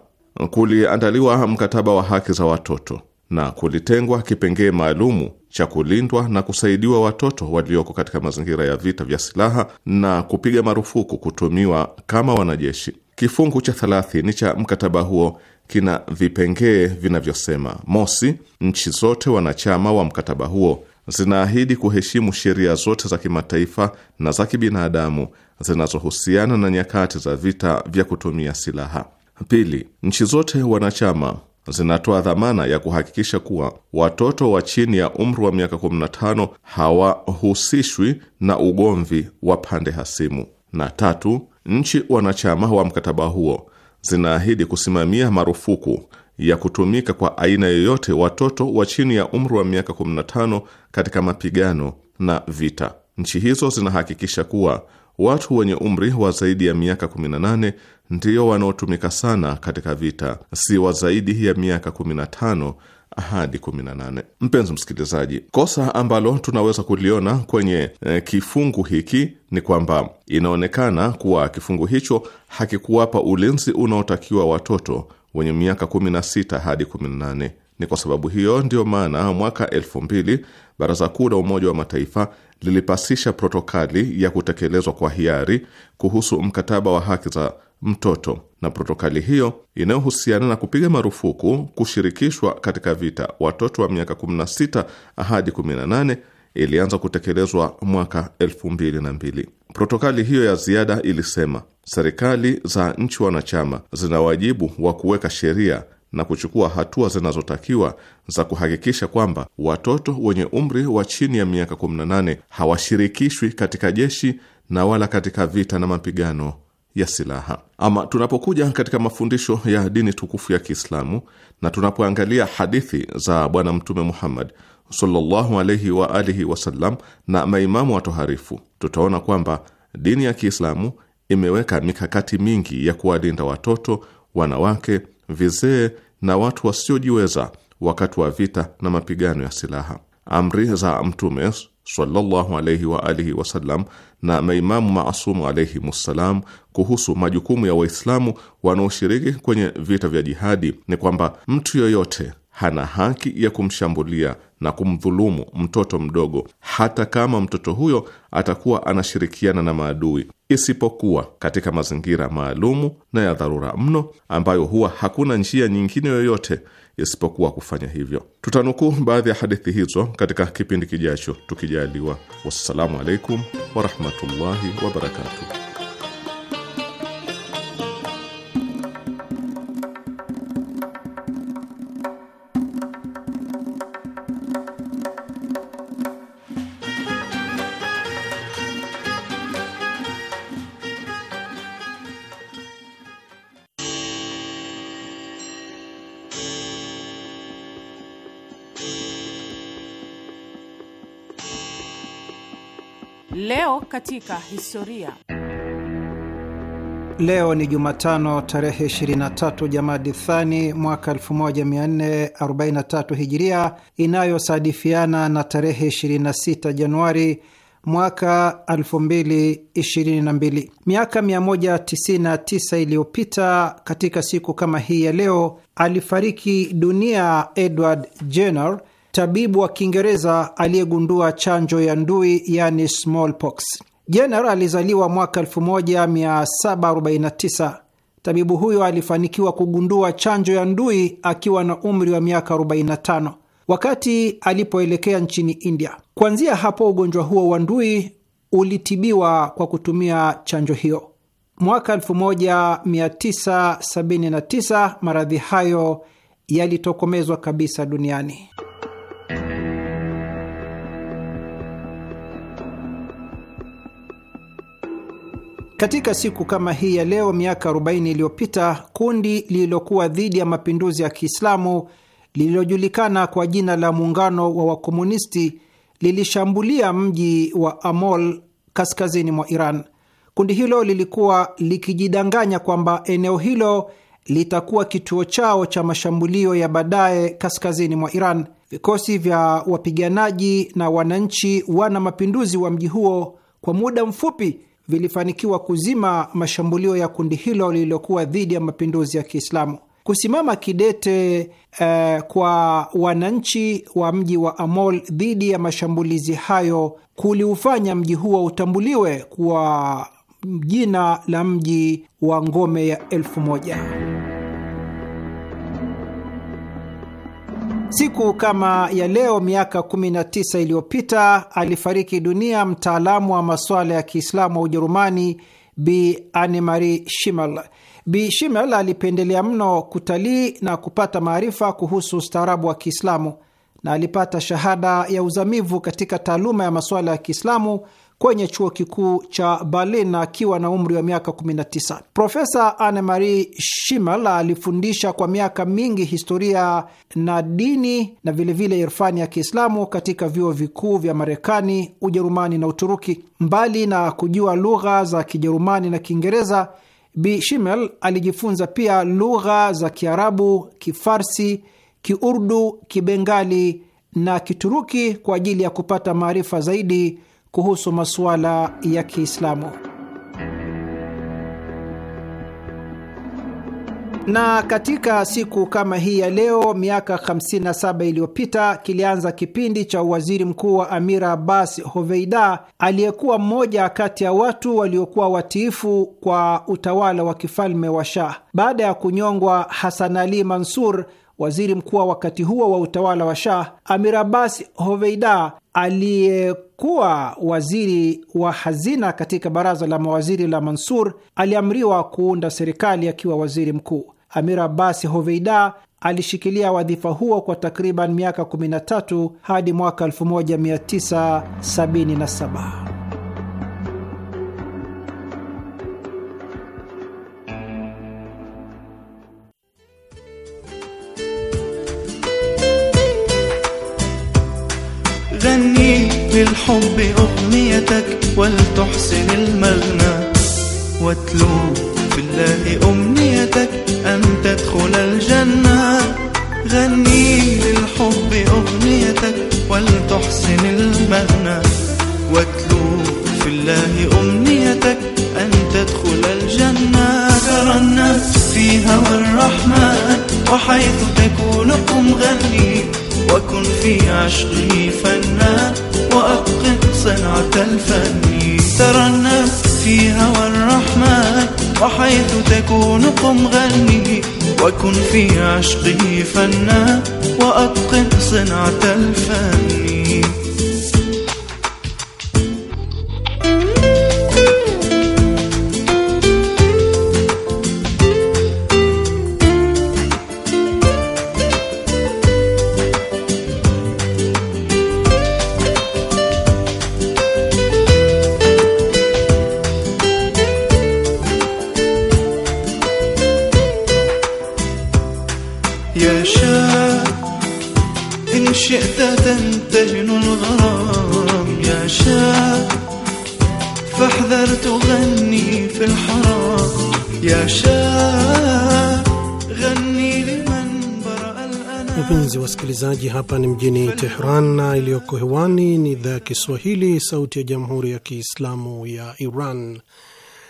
S6: kuliandaliwa mkataba wa haki za watoto na kulitengwa kipengee maalumu cha kulindwa na kusaidiwa watoto walioko katika mazingira ya vita vya silaha na kupiga marufuku kutumiwa kama wanajeshi. Kifungu cha thelathini cha mkataba huo kina vipengee vinavyosema: mosi, nchi zote wanachama wa mkataba huo zinaahidi kuheshimu sheria zote za kimataifa na za kibinadamu zinazohusiana na nyakati za vita vya kutumia silaha. Pili, nchi zote wanachama zinatoa dhamana ya kuhakikisha kuwa watoto wa chini ya umri wa miaka 15 hawahusishwi na ugomvi wa pande hasimu. Na tatu, nchi wanachama wa mkataba huo zinaahidi kusimamia marufuku ya kutumika kwa aina yoyote watoto wa chini ya umri wa miaka 15 katika mapigano na vita. Nchi hizo zinahakikisha kuwa watu wenye umri wa zaidi ya miaka 18 ndiyo wanaotumika sana katika vita, si wa zaidi ya miaka 15 hadi 18. Mpenzi msikilizaji, kosa ambalo tunaweza kuliona kwenye e, kifungu hiki ni kwamba inaonekana kuwa kifungu hicho hakikuwapa ulinzi unaotakiwa watoto wenye miaka 16 hadi 18. Ni kwa sababu hiyo ndiyo maana mwaka elfu mbili Baraza Kuu la Umoja wa Mataifa lilipasisha protokali ya kutekelezwa kwa hiari kuhusu mkataba wa haki za mtoto na protokali hiyo inayohusiana na kupiga marufuku kushirikishwa katika vita watoto wa miaka 16 hadi 18 ilianza kutekelezwa mwaka 2002. Protokali hiyo ya ziada ilisema serikali za nchi wanachama zina wajibu wa kuweka sheria na kuchukua hatua zinazotakiwa za kuhakikisha kwamba watoto wenye umri wa chini ya miaka 18 hawashirikishwi katika jeshi na wala katika vita na mapigano ya silaha. Ama tunapokuja katika mafundisho ya dini tukufu ya Kiislamu na tunapoangalia hadithi za Bwana Mtume Muhammad sallallahu alaihi wa alihi wasallam na maimamu watoharifu, tutaona kwamba dini ya Kiislamu imeweka mikakati mingi ya kuwalinda watoto, wanawake, vizee na watu wasiojiweza wakati wa vita na mapigano ya silaha. Amri za Mtume sallallahu alaihi wa alihi wasallam na maimamu maasumu alaihimussalam kuhusu majukumu ya Waislamu wanaoshiriki kwenye vita vya jihadi ni kwamba mtu yoyote hana haki ya kumshambulia na kumdhulumu mtoto mdogo, hata kama mtoto huyo atakuwa anashirikiana na maadui, isipokuwa katika mazingira maalumu na ya dharura mno, ambayo huwa hakuna njia nyingine yoyote isipokuwa kufanya hivyo. Tutanukuu baadhi ya hadithi hizo katika kipindi kijacho tukijaliwa. Wassalamu alaikum ورحمه الله وبركاته
S7: katika historia.
S8: Leo ni Jumatano tarehe 23 Jamadi Thani mwaka 1443 Hijiria, inayosadifiana na tarehe 26 Januari mwaka 2022. Miaka 199 iliyopita katika siku kama hii ya leo alifariki dunia Edward Jenner, tabibu wa Kiingereza aliyegundua chanjo ya ndui, yani smallpox. Jenner alizaliwa mwaka 1749. Tabibu huyo alifanikiwa kugundua chanjo ya ndui akiwa na umri wa miaka 45 wakati alipoelekea nchini India. Kuanzia hapo ugonjwa huo wa ndui ulitibiwa kwa kutumia chanjo hiyo. Mwaka 1979 maradhi hayo yalitokomezwa kabisa duniani. Katika siku kama hii ya leo miaka 40 iliyopita, kundi lililokuwa dhidi ya mapinduzi ya Kiislamu lililojulikana kwa jina la Muungano wa Wakomunisti lilishambulia mji wa Amol kaskazini mwa Iran. Kundi hilo lilikuwa likijidanganya kwamba eneo hilo litakuwa kituo chao cha mashambulio ya baadaye kaskazini mwa Iran. Vikosi vya wapiganaji na wananchi wana mapinduzi wa mji huo kwa muda mfupi vilifanikiwa kuzima mashambulio ya kundi hilo lililokuwa dhidi ya mapinduzi ya Kiislamu. Kusimama kidete eh, kwa wananchi wa mji wa Amol dhidi ya mashambulizi hayo kuliufanya mji huo utambuliwe kwa jina la mji wa ngome ya elfu moja. Siku kama ya leo miaka 19 iliyopita alifariki dunia mtaalamu wa masuala ya Kiislamu wa Ujerumani Bi Annemarie Schimmel. Bi Schimmel alipendelea mno kutalii na kupata maarifa kuhusu ustaarabu wa Kiislamu na alipata shahada ya uzamivu katika taaluma ya masuala ya Kiislamu kwenye chuo kikuu cha Berlin akiwa na umri wa miaka 19. Profesa Marie Schimmel alifundisha kwa miaka mingi historia na dini na vilevile irfani ya Kiislamu katika vyuo vikuu vya Marekani, Ujerumani na Uturuki. Mbali na kujua lugha za Kijerumani na Kiingereza, b Shimel alijifunza pia lugha za Kiarabu, Kifarsi, Kiurdu, Kibengali na Kituruki kwa ajili ya kupata maarifa zaidi kuhusu masuala ya Kiislamu. Na katika siku kama hii ya leo miaka 57 iliyopita kilianza kipindi cha waziri mkuu wa Amir Abbas Hoveida aliyekuwa mmoja kati ya watu waliokuwa watiifu kwa utawala wa kifalme wa Shah. Baada ya kunyongwa Hasan Ali Mansur waziri mkuu wa wakati huo wa utawala wa Shah, Amir Abbas Hoveida aliyekuwa waziri wa hazina katika baraza la mawaziri la Mansur aliamriwa kuunda serikali akiwa waziri mkuu. Amir Abbas Hoveida alishikilia wadhifa huo kwa takriban miaka 13 hadi mwaka 1977.
S10: للحب أغنيتك ولتحسن المغنى واتلو في الله أمنيتك أن تدخل الجنة غني للحب أغنيتك ولتحسن المغنى واتلو في الله أمنيتك أن تدخل الجنة ترنى في هوى الرحمن وحيث تكون قم غني وكن في عشقه فنان وأتقن صنعة الفن ترنم في هوى الرحمن وحيث تكون قم غني وكن في عشقه فنان وأتقن صنعة الفن دجن الغرام يا شاب فاحذر تغني في الحرام يا شاب غني لمن
S2: برأ wasikilizaji, hapa ni mjini Tehran na iliyoko hewani ni idhaa ya Kiswahili, sauti ya jamhuri ya Kiislamu ya Iran.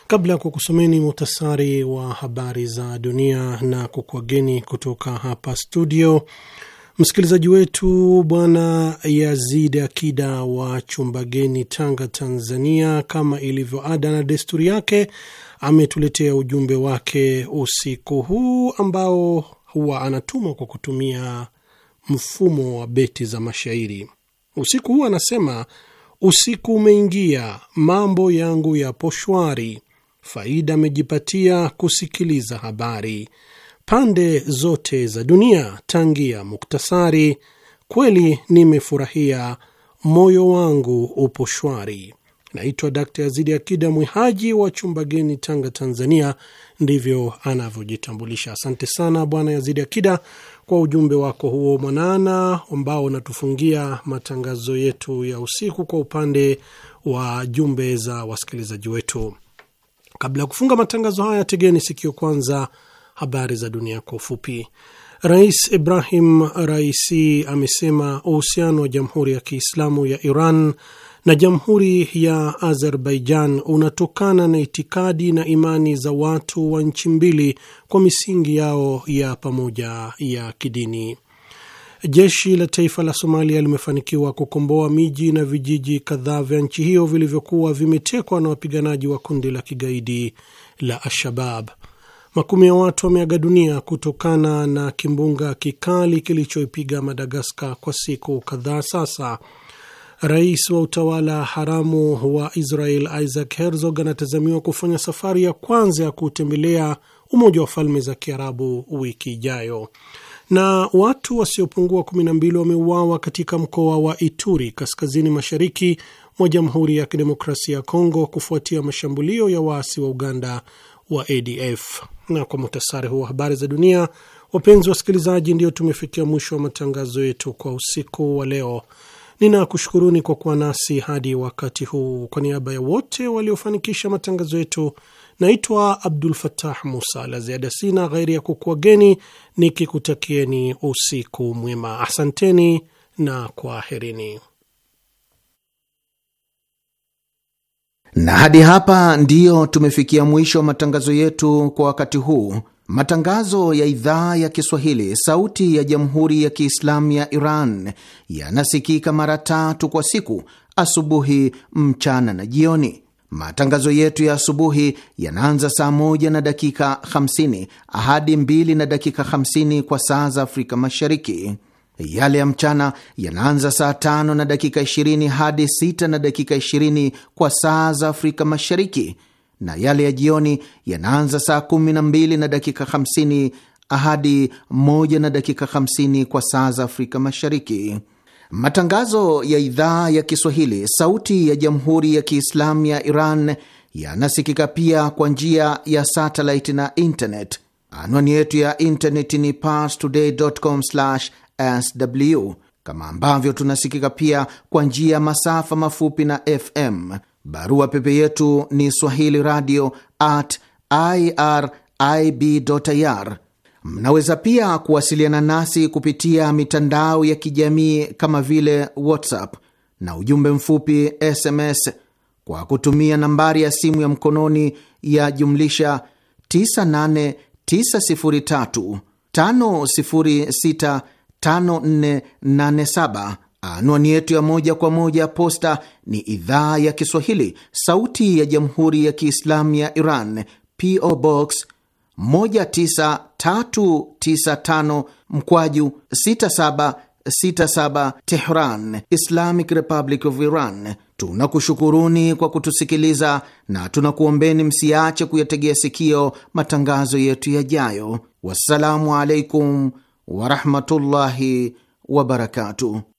S2: Kabla ya kukusomeni muhtasari wa habari za dunia na kukwageni kutoka hapa studio Msikilizaji wetu Bwana Yazid Akida wa Chumbageni, Tanga, Tanzania, kama ilivyo ada na desturi yake, ametuletea ujumbe wake usiku huu ambao huwa anatumwa kwa kutumia mfumo wa beti za mashairi. Usiku huu anasema: usiku umeingia, mambo yangu yapo shwari, faida amejipatia kusikiliza habari pande zote za dunia. Tangia muktasari, kweli nimefurahia, moyo wangu upo shwari. Naitwa Dakta Yazidi Akida Mwihaji wa chumba geni Tanga, Tanzania. Ndivyo anavyojitambulisha. Asante sana Bwana Yazidi Akida kwa ujumbe wako huo mwanana ambao unatufungia matangazo yetu ya usiku kwa upande wa jumbe za wasikilizaji wetu. Kabla ya kufunga matangazo haya, tegeni sikio kwanza Habari za dunia kwa ufupi. Rais Ibrahim Raisi amesema uhusiano wa Jamhuri ya Kiislamu ya Iran na Jamhuri ya Azerbaijan unatokana na itikadi na imani za watu wa nchi mbili kwa misingi yao ya pamoja ya kidini. Jeshi la taifa la Somalia limefanikiwa kukomboa miji na vijiji kadhaa vya nchi hiyo vilivyokuwa vimetekwa na wapiganaji wa kundi la kigaidi la Al-Shabab. Makumi ya watu wameaga dunia kutokana na kimbunga kikali kilichoipiga Madagaskar kwa siku kadhaa sasa. Rais wa utawala haramu wa Israel Isaac Herzog anatazamiwa kufanya safari ya kwanza ya kutembelea Umoja wa Falme za Kiarabu wiki ijayo. Na watu wasiopungua 12 wameuawa katika mkoa wa Ituri kaskazini mashariki mwa Jamhuri ya Kidemokrasia ya Kongo kufuatia mashambulio ya waasi wa Uganda wa ADF. Na kwa muhtasari huu wa habari za dunia, wapenzi wasikilizaji, ndio tumefikia mwisho wa matangazo yetu kwa usiku wa leo. Ninakushukuruni kwa kuwa nasi hadi wakati huu. Kwa niaba ya wote waliofanikisha matangazo yetu, naitwa Abdul Fatah Musa. La ziada sina ghairi ya kukuageni nikikutakieni usiku mwema. Asanteni na kwaherini.
S11: Na hadi hapa ndiyo tumefikia mwisho wa matangazo yetu kwa wakati huu. Matangazo ya idhaa ya Kiswahili, sauti ya jamhuri ya Kiislamu ya Iran yanasikika mara tatu kwa siku: asubuhi, mchana na jioni. Matangazo yetu ya asubuhi yanaanza saa moja na dakika 50 hadi 2 na dakika 50 kwa saa za Afrika Mashariki. Yale ya mchana yanaanza saa tano na dakika ishirini hadi sita na dakika ishirini kwa saa za Afrika Mashariki, na yale ya jioni yanaanza saa kumi na mbili na dakika hamsini hadi moja na dakika hamsini kwa saa za Afrika Mashariki. Matangazo ya idhaa ya Kiswahili sauti ya Jamhuri ya Kiislamu ya Iran yanasikika pia kwa njia ya satellite na internet. Anwani yetu ya internet ni parstoday.com/ sw kama ambavyo tunasikika pia kwa njia ya masafa mafupi na FM. Barua pepe yetu ni swahili radio at irib ir. Mnaweza pia kuwasiliana nasi kupitia mitandao ya kijamii kama vile WhatsApp na ujumbe mfupi SMS kwa kutumia nambari ya simu ya mkononi ya jumlisha 98903506 5487. Anwani yetu ya moja kwa moja posta ni idhaa ya Kiswahili, sauti ya jamhuri ya kiislamu ya Iran, PO Box 19395 mkwaju 6767 Tehran, Islamic Republic of Iran. Tunakushukuruni kwa kutusikiliza na tunakuombeni msiache kuyategea sikio matangazo yetu yajayo. Wassalamu alaikum ورحمه الله وبركاته